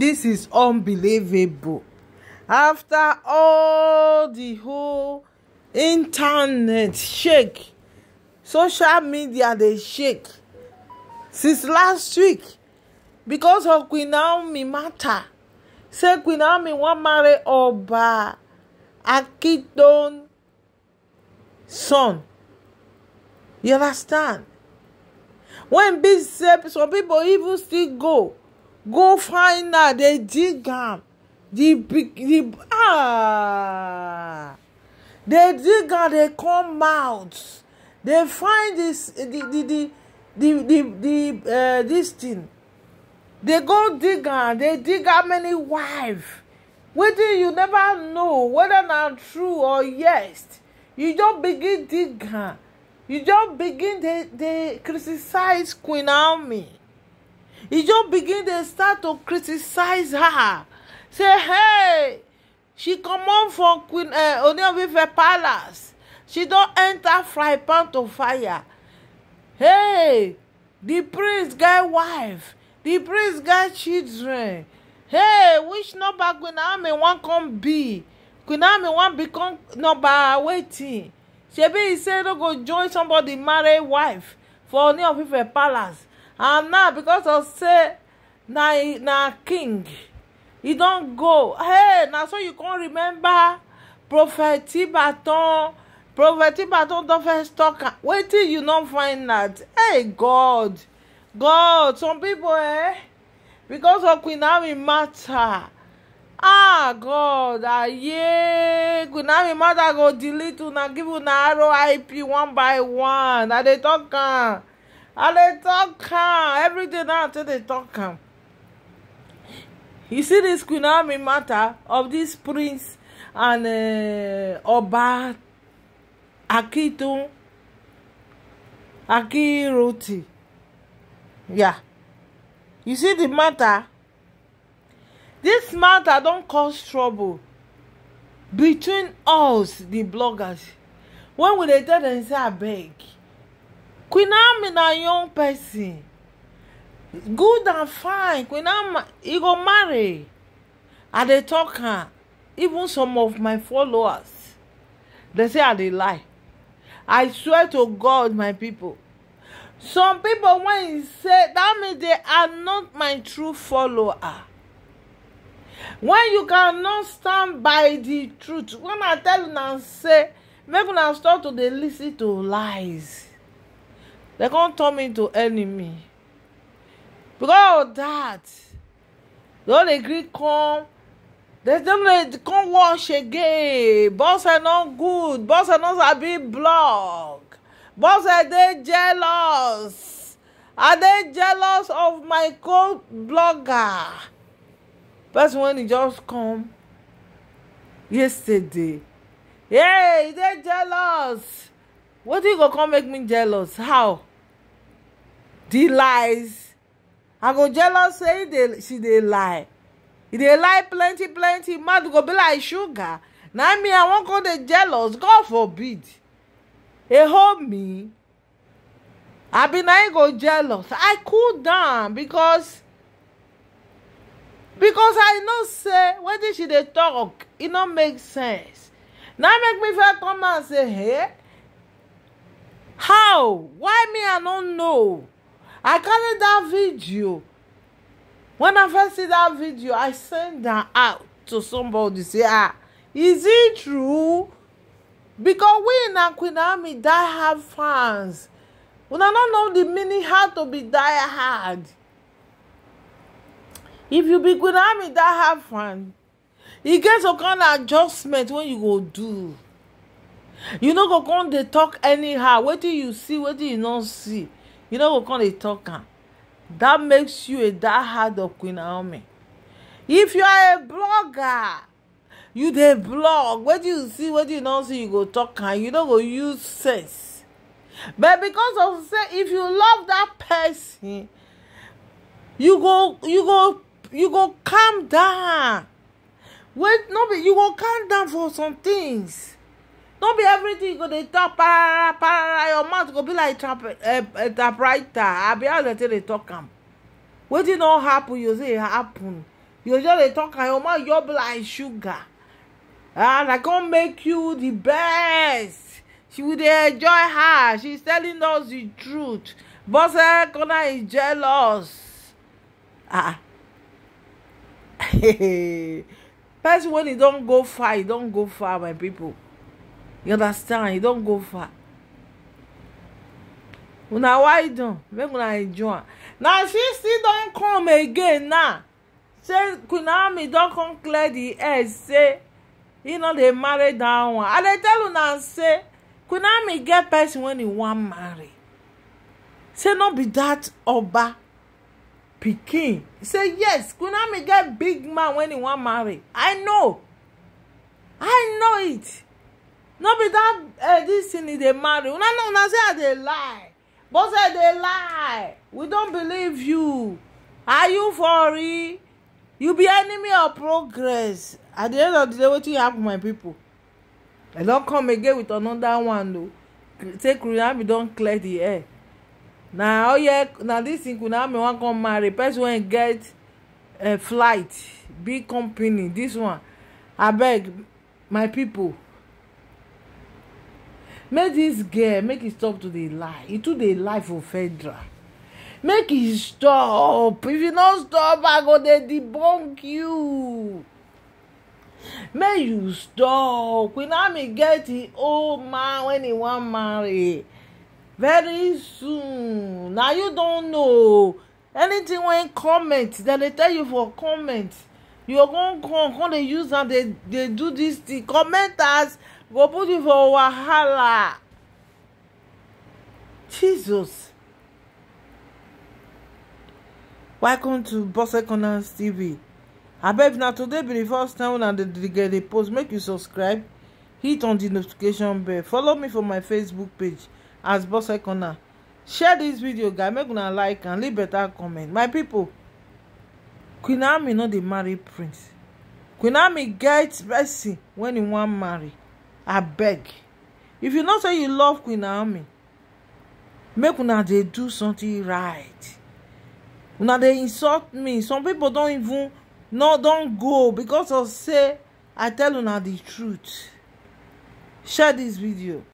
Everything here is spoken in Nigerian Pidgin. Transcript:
this is unbelievable after all the whole internet shake social media dey shake since last week because of Queen Naomi matter say Queen Naomi wan marry Oba Akidon son you understand when be say some people even still go go find am dey dig am the big the ah dey dig dey come out dey find this the the the the the, the uh, this thing dey go dig am dey dig how many wife wetin you never know whether na true or yes you just begin dig am you just begin dey dey criticize Queen Naomi. He just begin dey start to criticize her say hey she comot from queen eh, oni of ife palace she don enter fry pan to fire hey the prince get wife the prince get children hey which number queen naomi wan come be queen naomi wan become number wetin shebi he say no go join somebody marry wife for oni of ife palace and now because of say na na king e don go hey na so you come remember prophet tibaton prophet tibaton don first talk am wetin you no find out hey god god some people eh because of queen naomi matter ah god aye queen naomi matter go delete una give una rip one by one i dey talk am. Uh, i dey talk every day now i they talk am you see this queen army matter of this prince and uh, oba akitun akiroti yeah you see the matter This matter don cause trouble between us the bloggers When we dey tell dem say abeg queen naomi na young person good and fine queen naomi he go marry i they talk her, even some of my followers they say i they lie i swear to god my people some people when e say that mean they are not my true follower when you cannot stand by the truth when i tell you and say make una start to listen to lies They can't turn me to enemy because of that dem no dey come dem no dey come wash again are not good bọ́sẹ̀ no sabi blog are they jealous Are they jealous of my co-blogger person wey just come yesterday hey e dey jealous wetin go come make me jealous how The lies i go jealous say they, she they lie They lie plenty plenty Mad go be like sugar Now me i won't go dey jealous god forbid He hold me i be now go jealous i cool down because because i know say wetin she they talk It e no make sense Now make me first come and say hey how why me i don't know i carry that video When i first see that video i send that out to somebody say ah is it true because we in queen army die hard fans una no know the meaning how to be die hard if you be queen army die hard fan e get some kind of adjustment when you go do you no go on dey talk anyhow wetin you see wetin you not see you know go come dey talk am that makes you a hard of queen naomi if you are a blogger you dey blog wetin you see wetin you no see you go talk am you no go use sense but because of say if you love that person you go you go you go calm down wait no be you go calm down for some things no be everything you go dey talk para para your mouth go be like typewriter eh, eh, abi how dem take dey talk am wetin don happen you say e happen you just dey talk am your mouth just be like sugar and i come make you the best she we dey enjoy her she's telling us the truth but kona is jealous ah person wey e don go far e don go far my people you understand You don't go far una wide don make una enjoy now she still don't come again now say queen naomi don't come clear the air say e no dey marry dat one i dey tell una say queen naomi get person when e want marry say not be that oba pikin say yes queen naomi get big man when e want marry i know i know it no be that uh, this thing e dey marry una no, una say i dey lie but say dey lie we don believe you are you for you be enemy of progress at the end of the day wetin happen my people i don come again with another one o say kunami don clear the air na oye oh, na this thing kunami wan come marry person wey get uh, flight big company this one abeg my people make this girl make e stop to dey lie He too dey lie for federal make e stop if you no stop i go dey debunk you make you stop queen ami get e old man when he wan marry very soon na you don know anything wey comment dem dey tell you for comment you go come come dey use am dey do this thing commenters go put you for wahala jesus welcome to Bose Corners tv abeg na today be the first time una dey get the post make you subscribe hit on the notification bell follow me for my facebook page as Bose Corner share this video guy make una like and leave better comment my people. queen Ami no dey marry prince queen army get person wen e wan marry abeg if you know say you love queen naomi make una dey do something right una dey insult me some people don even no don go because of say i tell una the truth share this video